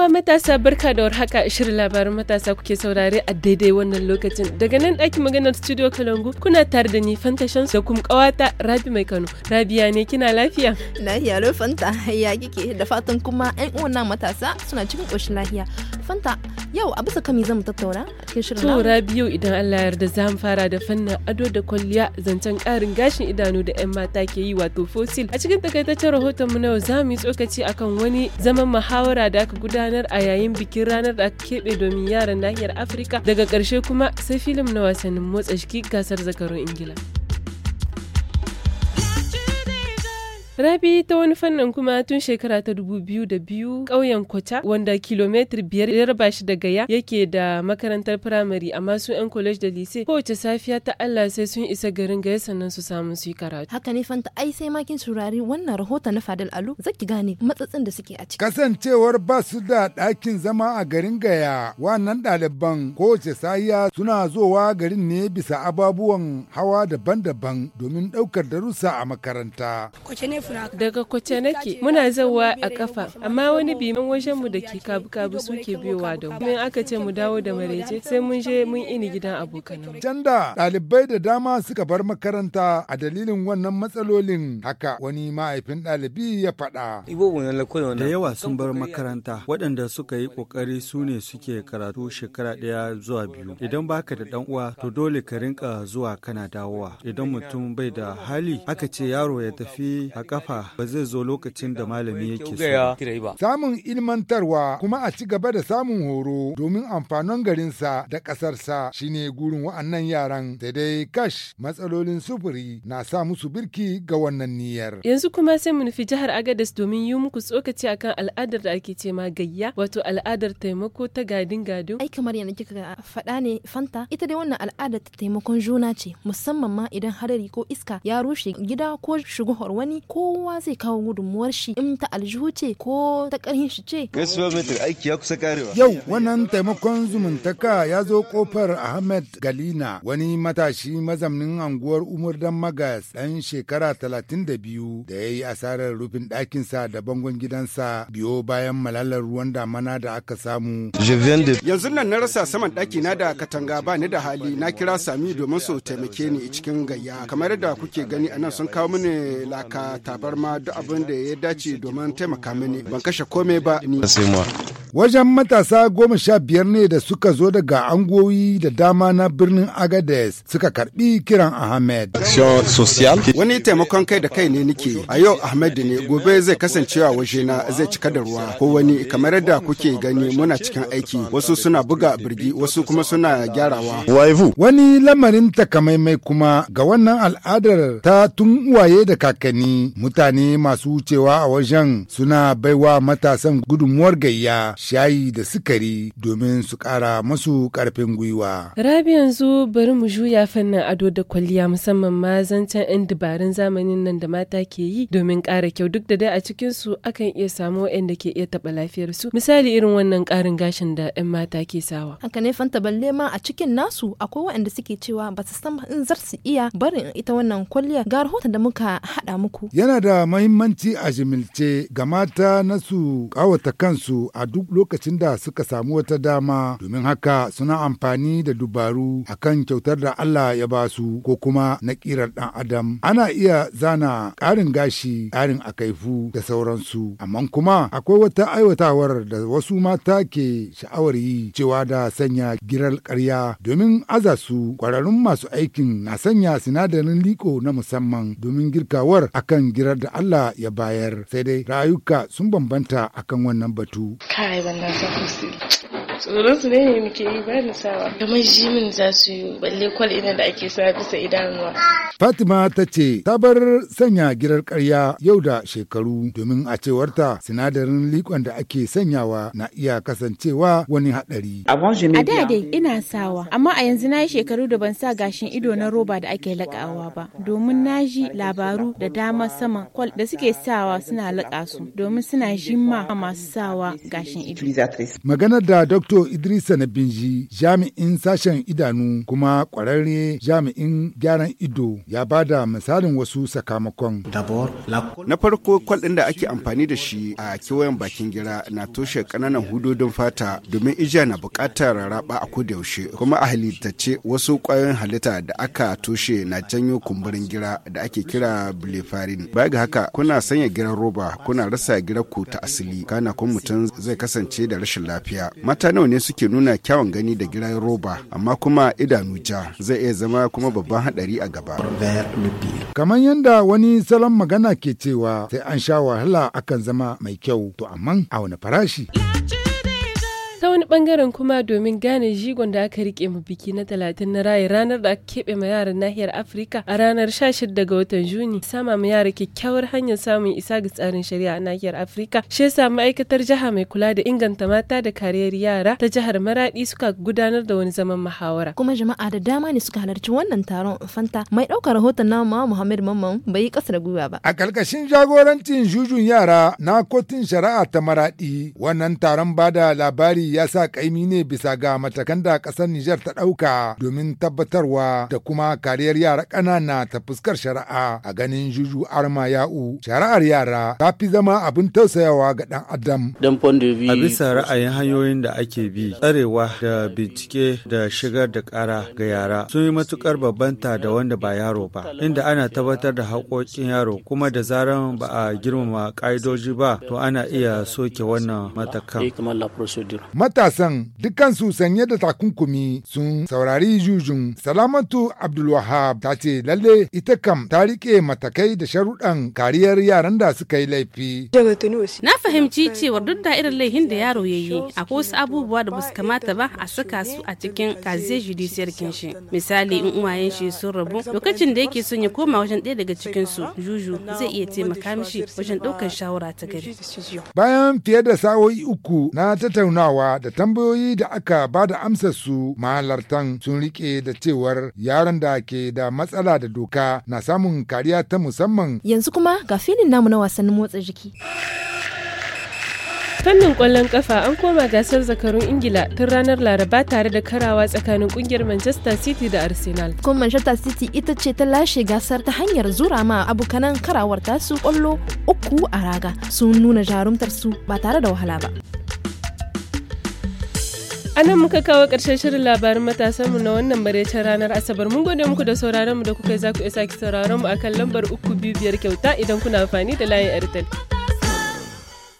uwa matasa barka da warhaka shirin labarin matasa kuke saurare a daidai wannan lokacin daga nan ɗakin maganar studio Kalangu kuna tare da ni Fanta shansu da kuma ƙawata Rabi Mai Kano. Rabiya ne kina lafiya? Lafiya lo Fanta ya kike da fatan kuma ƴan uwan matasa suna cikin ƙoshin lafiya. Fanta Yau a bisa kami zamu tattauna a cikin shirin tura biyu idan Allah yarda za mu fara da fannin ado da kwalliya zancen karin gashin idanu da 'yan mata ke yi wato fosil A cikin takaitaccen rahoton mu na yau za mu yi tsokaci akan wani zaman muhawara da aka gudanar a yayin bikin ranar da aka keɓe domin yaran nahiyar Afirka daga ƙarshe kuma sai filim na wasannin motsa jiki gasar zakarun Ingila. Rabi ta wani fannin kuma tun shekara ta dubu biyu da biyu ƙauyen Kwata wanda kilomitar biyar ya raba shi da gaya yake da makarantar firamare amma su 'yan college da lise kowace safiya ta Allah sai sun isa garin gaya sannan su samu su yi karatu. Haka ne fanta ai sai makin turari wannan rahoton na Fadal Alu zaki gane matsatsin da suke a ciki. Kasancewar ba su da ɗakin zama a garin gaya wannan ɗaliban kowace safiya suna zowa garin ne bisa ababuwan hawa daban-daban domin ɗaukar darussa a makaranta. Daga kwace nake muna zawa a kafa amma wani biman wajen mu da ke kabu-kabu suke biyowa da mu. aka ce mu dawo da mareje sai mun je mun ini gidan abokan. Can da ɗalibai da dama suka bar makaranta a dalilin wannan matsalolin haka wani mahaifin ɗalibi ya faɗa. Da yawa sun bar makaranta waɗanda suka yi ƙoƙari su ne suke karatu shekara ɗaya zuwa biyu. Idan baka da ɗan uwa to dole ka rinka zuwa kana dawowa. Idan mutum bai da hali aka ce yaro ya tafi a shafa ba zai zo lokacin da malami yake so. Samun ilmantarwa kuma a ci gaba da samun horo domin amfanin garinsa da ƙasarsa shine gurin wa'annan yaran da dai kash matsalolin sufuri na sa musu birki ga wannan niyyar. Yanzu kuma sai mu nufi jihar Agadez domin yi muku tsokaci akan al'adar da ake ce gayya wato al'adar taimako ta gadin gado. Ai kamar yadda kika faɗa ne fanta ita dai wannan al'adar ta taimakon juna ce musamman ma idan hadari ko iska ya rushe gida ko shuguhar wani ko kowa zai kawo gudunmuwar shi in ta aljihu ce ko ta ƙarhin shi ce Gaisuwa metir aiki ya kusa karewa yau wannan taimakon zumuntaka ya zo kofar ahmed galina wani matashi mazamnin anguwar umar dan magas ɗan shekara talatin da biyu da ya yi asarar rufin ɗakinsa da bangon gidansa biyo bayan malalar ruwan damana da aka samu yanzu nan na rasa saman ɗakina da katanga ba ni da hali na kira sami domin su taimake ni cikin gayya kamar yadda kuke gani a nan sun kawo mini laka tabarma duk abin da ya dace domin taimaka mini ban kashe komai ba ni. Wajen matasa goma sha biyar ne da suka zo daga angoyi da dama na birnin Agades suka karbi kiran Ahmed. Wani taimakon kai da kai ne nike. A yau Ahmed ne gobe zai kasancewa waje na zai cika da ruwa ko wani kamar yadda kuke gani muna cikin aiki wasu suna buga birgi wasu kuma suna gyarawa. Wani lamarin takamaimai kuma ga wannan al'adar ta tun uwaye da kakanni mutane masu wucewa a wajen suna baiwa matasan gudunmuwar gayya shayi da sukari domin su kara masu karfin gwiwa. Rabi yanzu bari mu juya fannin ado da kwalliya musamman ma zancen 'yan dabarun zamanin nan da mata ke yi domin kara kyau duk da dai a cikin su akan iya samu 'yan da ke iya taba lafiyar su misali irin wannan karin gashin da 'yan mata ke sawa. Haka ne fanta balle ma a cikin nasu akwai waɗanda suke cewa ba su san in za su iya barin ita wannan kwalliya ga rahoton da muka haɗa muku. Yana Yana da mahimmanci a jimilce ga mata na su kawata kansu a duk lokacin da suka samu wata dama domin haka suna amfani da dubaru kan kyautar da Allah ya ba su ko kuma na ƙirar ɗan adam. Ana iya zana ƙarin gashi, ƙarin akaifu da sauransu. Amma kuma akwai wata aiwatawar da wasu mata ke sha'awar yi cewa da sanya girar ƙarya domin aza su ƙwararrun masu aikin na sanya sinadarin liko na musamman domin girkawar akan girar da Allah ya bayar sai dai rayuka sun bambanta akan wannan batu. Kai wannan tsoron su ne muke yi ba da sawa kamar min za su yi balle kwal idan da ake sa bisa idanuwa Fatima ta ce ta bar sanya girar karya yau da shekaru domin a cewar ta sinadarin likon da ake sanyawa na iya kasancewa wani haɗari. A da dai ina sawa amma a yanzu na yi shekaru da ban sa gashin ido na roba da ake laƙawa ba domin na ji labaru da dama sama kwal da suke sawa suna laƙa su domin suna jimma masu sawa gashin ido. Maganar da Dr. Dr. Idrisa binji jami'in sashen idanu kuma kwararre jami'in gyaran ido ya ba da misalin wasu sakamakon. Na farko kwal da ake amfani da shi a kewayen bakin gira na toshe ƙananan hudodin fata domin ijiya na buƙatar raba a yaushe kuma a halittace wasu ƙwayoyin halitta da aka toshe na janyo kumburin gira da ake kira blefarin. ba ga haka kuna sanya giran roba kuna rasa girar ku ta asali kana kuma mutum zai kasance da rashin lafiya. Mata nawa ne suke nuna kyawun gani da girayen roba amma kuma idanu ja zai iya zama kuma babban hadari a gaba. Kamar yadda wani salon magana ke cewa sai an sha wahala akan zama mai kyau to amma a wani farashi. bangaren kuma domin gane jigon da aka rike mu biki na 30 na raye ranar da aka keɓe ma yaran nahiyar Afirka a ranar 16 ga watan Juni sama ma yara kyakkyawar hanyar samun isa ga tsarin shari'a a nahiyar Afirka. Shi yasa ma'aikatar jiha mai kula da inganta mata da kariyar yara ta jihar Maradi suka gudanar da wani zaman muhawara. Kuma jama'a da dama ne suka halarci wannan taron Fanta mai ɗaukar rahoton na ma Muhammad Mamman bai yi ƙasa da gwiwa ba. A ƙarƙashin jagorancin jujun yara na kotun shari'a ta Maradi wannan taron bada labari ya sa sa kaimi ne bisa ga matakan da ƙasar Nijar ta ɗauka domin tabbatarwa da kuma kariyar yara ƙanana ta fuskar shari'a a ganin Juju Arma Ya'u. Shari'ar yara ta fi zama abin tausayawa ga ɗan Adam. A bisa ra'ayin hanyoyin da ake bi, tsarewa da bincike da shigar da ƙara ga yara sun yi matuƙar babbanta da wanda ba yaro ba, inda ana tabbatar da haƙoƙin yaro kuma da zaran ba a girmama ƙa'idoji ba to ana iya soke wannan matakan. matasan dukansu sanye da takunkumi sun saurari jujun salamatu abdulwahab ta ce lalle ita kam ta rike matakai da sharuɗan kariyar yaran da suka yi laifi. Na fahimci cewa duk da irin laifin da yaro ya yi akwai wasu abubuwa da basu kamata ba a saka su a cikin kaze judiciyar kinshi. Misali in uwayen shi sun rabu lokacin da yake son ya koma wajen ɗaya daga cikin su juju zai iya taimaka mishi wajen ɗaukar shawara ta gari. Bayan fiye da sa'o'i uku na tattaunawa da Tambayoyi da aka ba da amsar su mahalartan sun rike da cewar yaron da ke da matsala da doka na samun kariya ta musamman. Yanzu kuma ga filin namu na wasannin motsa jiki. fannin kwallon kafa an koma gasar zakarun ingila tun ranar laraba tare da karawa tsakanin kungiyar manchester city da arsenal kuma manchester city ita ce ta lashe gasar ta hanyar zura ma abokanan karawar tasu kwallo uku a raga sun nuna jarumtar su ba tare da wahala ba A nan muka kawo ƙarshen shirin labarin matasanmu na wannan maraicin ranar Asabar. Mun gode muku da sauraron mu da kuka yi za ku isa ki sauraron mu akan lambar uku biyu biyar kyauta idan kuna amfani da layin Airtel.